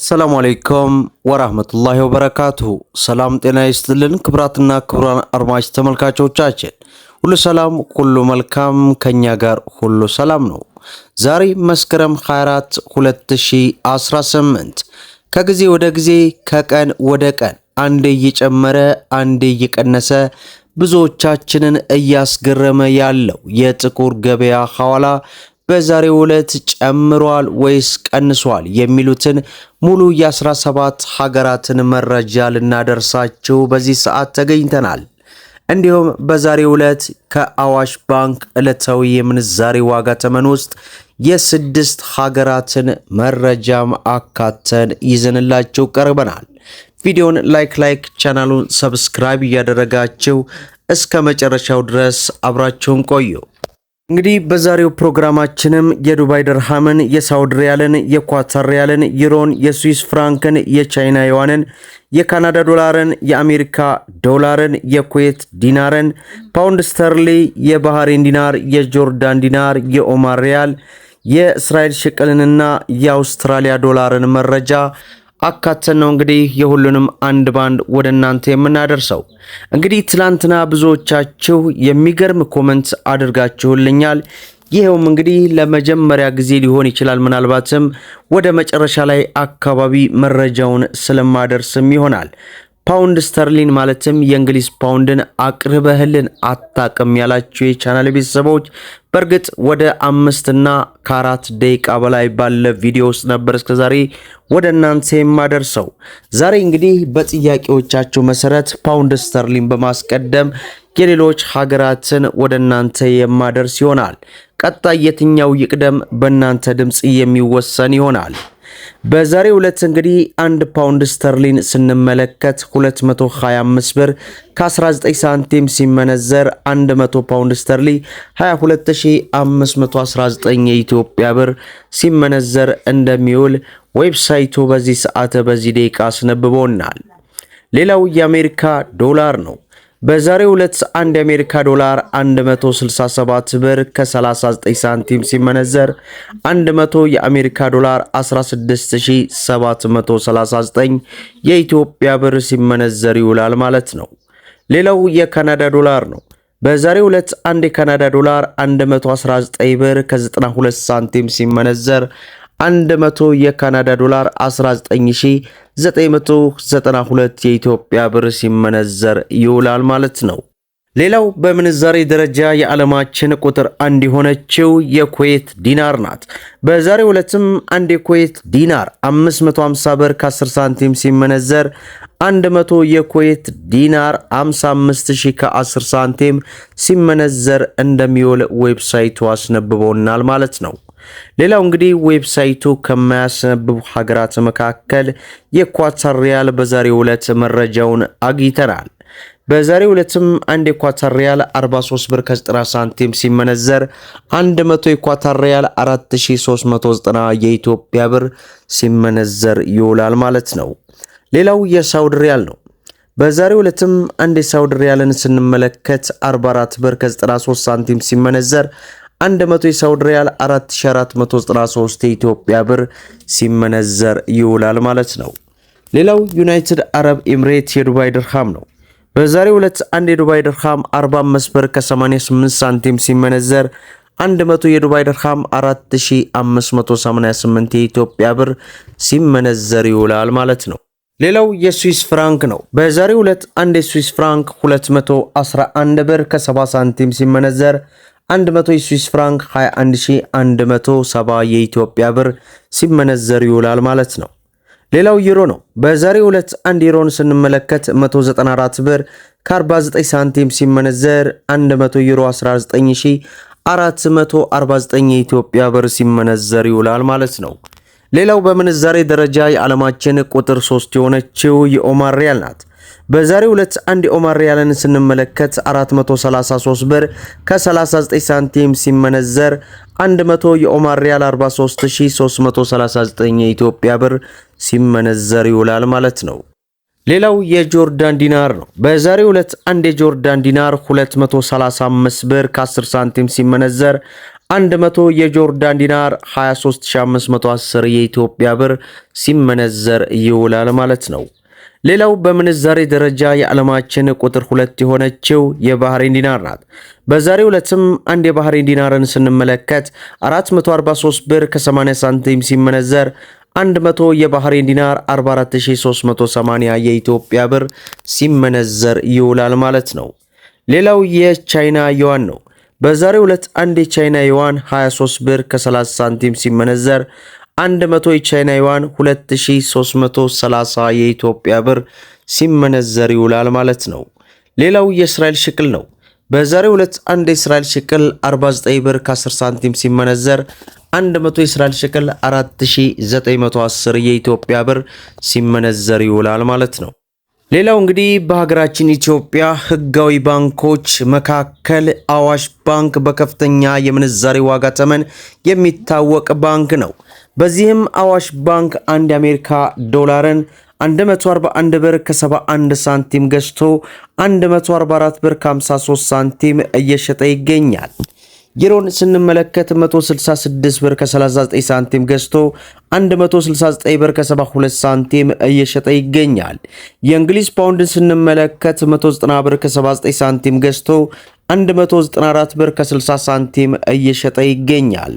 አሰላሙ አሌይኩም ወራህመቱላሂ ወበረካቱሁ። ሰላም ጤና ይስጥልን ክብራትና ክብራን አድማጭ ተመልካቾቻችን ሁሉ ሰላም ሁሉ መልካም፣ ከኛ ጋር ሁሉ ሰላም ነው። ዛሬ መስከረም 24 2018 ከጊዜ ወደ ጊዜ ከቀን ወደ ቀን አንዴ እየጨመረ አንዴ እየቀነሰ ብዙዎቻችንን እያስገረመ ያለው የጥቁር ገበያ ሐዋላ በዛሬው ዕለት ጨምሯል ወይስ ቀንሷል የሚሉትን ሙሉ የ17 ሀገራትን መረጃ ልናደርሳችሁ በዚህ ሰዓት ተገኝተናል። እንዲሁም በዛሬው ዕለት ከአዋሽ ባንክ ዕለታዊ የምንዛሬ ዋጋ ተመን ውስጥ የስድስት ሀገራትን መረጃም አካተን ይዘንላችሁ ቀርበናል። ቪዲዮን ላይክ ላይክ ቻናሉን ሰብስክራይብ እያደረጋችሁ እስከ መጨረሻው ድረስ አብራችሁን ቆዩ። እንግዲህ በዛሬው ፕሮግራማችንም የዱባይ ድርሃምን፣ የሳውድ ሪያልን፣ የኳታር ሪያልን፣ ዩሮን፣ የስዊስ ፍራንክን፣ የቻይና ዩዋንን፣ የካናዳ ዶላርን፣ የአሜሪካ ዶላርን፣ የኩዌት ዲናርን፣ ፓውንድ ስተርሊ፣ የባህሬን ዲናር፣ የጆርዳን ዲናር፣ የኦማር ሪያል፣ የእስራኤል ሽቅልንና የአውስትራሊያ ዶላርን መረጃ አካተን ነው እንግዲህ የሁሉንም አንድ ባንድ ወደ እናንተ የምናደርሰው። እንግዲህ ትላንትና ብዙዎቻችሁ የሚገርም ኮመንት አድርጋችሁልኛል። ይኸውም እንግዲህ ለመጀመሪያ ጊዜ ሊሆን ይችላል። ምናልባትም ወደ መጨረሻ ላይ አካባቢ መረጃውን ስለማደርስም ይሆናል። ፓውንድ ስተርሊን ማለትም የእንግሊዝ ፓውንድን አቅርበህልን አታቅም ያላችሁ የቻናል ቤተሰቦች በእርግጥ ወደ አምስትና ከአራት ደቂቃ በላይ ባለ ቪዲዮ ውስጥ ነበር እስከ ዛሬ ወደ እናንተ የማደርሰው። ዛሬ እንግዲህ በጥያቄዎቻችሁ መሰረት ፓውንድ ስተርሊን በማስቀደም የሌሎች ሀገራትን ወደ እናንተ የማደርስ ይሆናል። ቀጣይ የትኛው ይቅደም በእናንተ ድምፅ የሚወሰን ይሆናል። በዛሬ ዕለት እንግዲህ አንድ ፓውንድ ስተርሊን ስንመለከት 225 ብር ከ19 ሳንቲም ሲመነዘር 100 ፓውንድ ስተርሊ 22519 የኢትዮጵያ ብር ሲመነዘር እንደሚውል ዌብሳይቱ በዚህ ሰዓት በዚህ ደቂቃ አስነብቦናል። ሌላው የአሜሪካ ዶላር ነው። በዛሬው ዕለት አንድ የአሜሪካ ዶላር 167 ብር ከ39 ሳንቲም ሲመነዘር 100 የአሜሪካ ዶላር 16739 የኢትዮጵያ ብር ሲመነዘር ይውላል ማለት ነው። ሌላው የካናዳ ዶላር ነው። በዛሬው ዕለት አንድ የካናዳ ዶላር 119 ብር ከ92 ሳንቲም ሲመነዘር 100 የካናዳ ዶላር 19992 የኢትዮጵያ ብር ሲመነዘር ይውላል ማለት ነው። ሌላው በምንዛሬ ደረጃ የዓለማችን ቁጥር አንድ የሆነችው የኩዌት ዲናር ናት። በዛሬው ዕለትም አንድ የኩዌት ዲናር 550 ብር ከ10 ሳንቲም ሲመነዘር 100 የኩዌት ዲናር 55000 ከ10 ሳንቲም ሲመነዘር እንደሚውል ዌብሳይቱ አስነብቦናል ማለት ነው። ሌላው እንግዲህ ዌብሳይቱ ከማያስነብቡ ሀገራት መካከል የኳታር ሪያል በዛሬው ዕለት መረጃውን አግኝተናል። በዛሬው ዕለትም አንድ የኳታር ሪያል 43 ብር ከ90 ሳንቲም ሲመነዘር 100 የኳታር ሪያል 4390 የኢትዮጵያ ብር ሲመነዘር ይውላል ማለት ነው። ሌላው የሳውድ ሪያል ነው። በዛሬው ዕለትም አንድ የሳውድ ሪያልን ስንመለከት 44 ብር ከ93 ሳንቲም ሲመነዘር 100 የሳውዲ ሪያል 4493 የኢትዮጵያ ብር ሲመነዘር ይውላል ማለት ነው። ሌላው ዩናይትድ አረብ ኤምሬት የዱባይ ድርሃም ነው። በዛሬው ዕለት አንድ የዱባይ ድርሃም 45 ብር ከ88 ሳንቲም ሲመነዘር 100 የዱባይ ድርሃም 4588 የኢትዮጵያ ብር ሲመነዘር ይውላል ማለት ነው። ሌላው የስዊስ ፍራንክ ነው። በዛሬው ሁለት አንድ የስዊስ ፍራንክ 211 ብር ከ70 ሳንቲም ሲመነዘር 100 የስዊስ ፍራንክ 21170 የኢትዮጵያ ብር ሲመነዘር ይውላል ማለት ነው። ሌላው ዩሮ ነው። በዛሬው ዕለት አንድ ዩሮን ስንመለከት 194 ብር ከ49 ሳንቲም ሲመነዘር 100 ዩሮ 19449 የኢትዮጵያ ብር ሲመነዘር ይውላል ማለት ነው። ሌላው በምንዛሬ ደረጃ የዓለማችን ቁጥር 3 የሆነችው የኦማር ሪያል ናት። በዛሬው ዕለት አንድ የኦማር ሪያልን ስንመለከት 433 ብር ከ39 ሳንቲም ሲመነዘር 100 የኦማር ሪያል 43339 የኢትዮጵያ ብር ሲመነዘር ይውላል ማለት ነው። ሌላው የጆርዳን ዲናር ነው። በዛሬው ዕለት አንድ የጆርዳን ዲናር 235 ብር ከ10 ሳንቲም ሲመነዘር 100 የጆርዳን ዲናር 23510 የኢትዮጵያ ብር ሲመነዘር ይውላል ማለት ነው። ሌላው በምንዛሬ ደረጃ የዓለማችን ቁጥር ሁለት የሆነችው የባህሬን ዲናር ናት። በዛሬው ዕለትም አንድ የባህሬን ዲናርን ስንመለከት 443 ብር ከ80 ሳንቲም ሲመነዘር 100 የባህሬን ዲናር 44380 የኢትዮጵያ ብር ሲመነዘር ይውላል ማለት ነው። ሌላው የቻይና ዩዋን ነው። በዛሬው ዕለት አንድ የቻይና ዩዋን 23 ብር ከ30 ሳንቲም ሲመነዘር 100 የቻይና ዩዋን 2330 የኢትዮጵያ ብር ሲመነዘር ይውላል ማለት ነው። ሌላው የእስራኤል ሽቅል ነው። በዛሬው ዕለት አንድ የእስራኤል ሽቅል 49 ብር ከ10 ሳንቲም ሲመነዘር 100 የእስራኤል ሽቅል 4910 የኢትዮጵያ ብር ሲመነዘር ይውላል ማለት ነው። ሌላው እንግዲህ በሀገራችን ኢትዮጵያ ህጋዊ ባንኮች መካከል አዋሽ ባንክ በከፍተኛ የምንዛሬ ዋጋ ተመን የሚታወቅ ባንክ ነው። በዚህም አዋሽ ባንክ አንድ የአሜሪካ ዶላርን 141 ብር ከ71 ሳንቲም ገዝቶ 144 ብር ከ53 ሳንቲም እየሸጠ ይገኛል። ዩሮን ስንመለከት 166 ብር ከ39 ሳንቲም ገዝቶ 169 ብር ከ72 ሳንቲም እየሸጠ ይገኛል። የእንግሊዝ ፓውንድን ስንመለከት 190 ብር ከ79 ሳንቲም ገዝቶ 194 ብር ከ60 ሳንቲም እየሸጠ ይገኛል።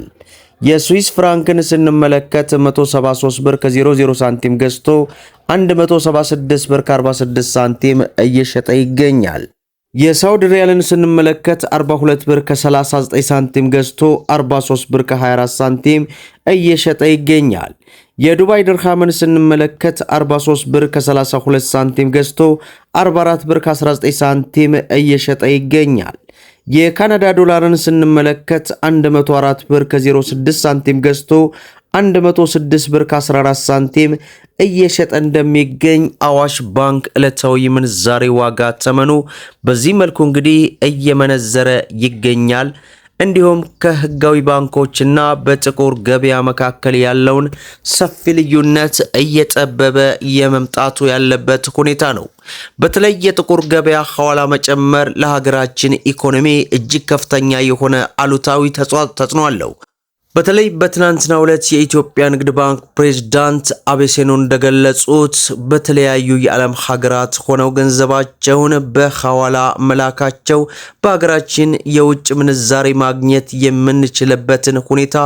የስዊስ ፍራንክን ስንመለከት 173 ብር ከ00 ሳንቲም ገዝቶ 176 ብር ከ46 ሳንቲም እየሸጠ ይገኛል። የሳውዲ ሪያልን ስንመለከት 42 ብር ከ39 ሳንቲም ገዝቶ 43 ብር ከ24 ሳንቲም እየሸጠ ይገኛል። የዱባይ ድርሃምን ስንመለከት 43 ብር ከ32 ሳንቲም ገዝቶ 44 ብር ከ19 ሳንቲም እየሸጠ ይገኛል። የካናዳ ዶላርን ስንመለከት 104 ብር ከ06 ሳንቲም ገዝቶ 106 ብር ከ14 ሳንቲም እየሸጠ እንደሚገኝ አዋሽ ባንክ ዕለታዊ ምንዛሬ ዋጋ ተመኑ በዚህ መልኩ እንግዲህ እየመነዘረ ይገኛል። እንዲሁም ከህጋዊ ባንኮችና በጥቁር ገበያ መካከል ያለውን ሰፊ ልዩነት እየጠበበ የመምጣቱ ያለበት ሁኔታ ነው። በተለይ የጥቁር ገበያ ሐዋላ መጨመር ለሀገራችን ኢኮኖሚ እጅግ ከፍተኛ የሆነ አሉታዊ ተጽዕኖ አለው። በተለይ በትናንትና ዕለት የኢትዮጵያ ንግድ ባንክ ፕሬዝዳንት አቤሴኖ እንደገለጹት በተለያዩ የዓለም ሀገራት ሆነው ገንዘባቸውን በሐዋላ መላካቸው በሀገራችን የውጭ ምንዛሬ ማግኘት የምንችልበትን ሁኔታ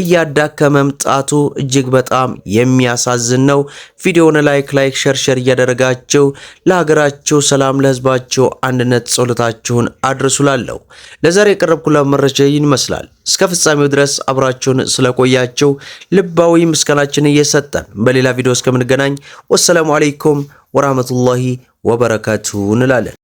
እያዳከመ መምጣቱ እጅግ በጣም የሚያሳዝን ነው። ቪዲዮውን ላይክ ላይክ ሸርሸር እያደረጋቸው ለሀገራቸው ሰላም፣ ለህዝባቸው አንድነት ጸሎታችሁን አድርሱላለሁ። ለዛሬ የቀረብኩላ መረጃ ይመስላል። እስከ ፍጻሜው ድረስ አብራ አብራችሁን ስለቆያችሁ ልባዊ ምስጋናችን እየሰጠን በሌላ ቪዲዮ እስከምንገናኝ ወሰላሙ አሌይኩም ወራህመቱላሂ ወበረካቱ እንላለን።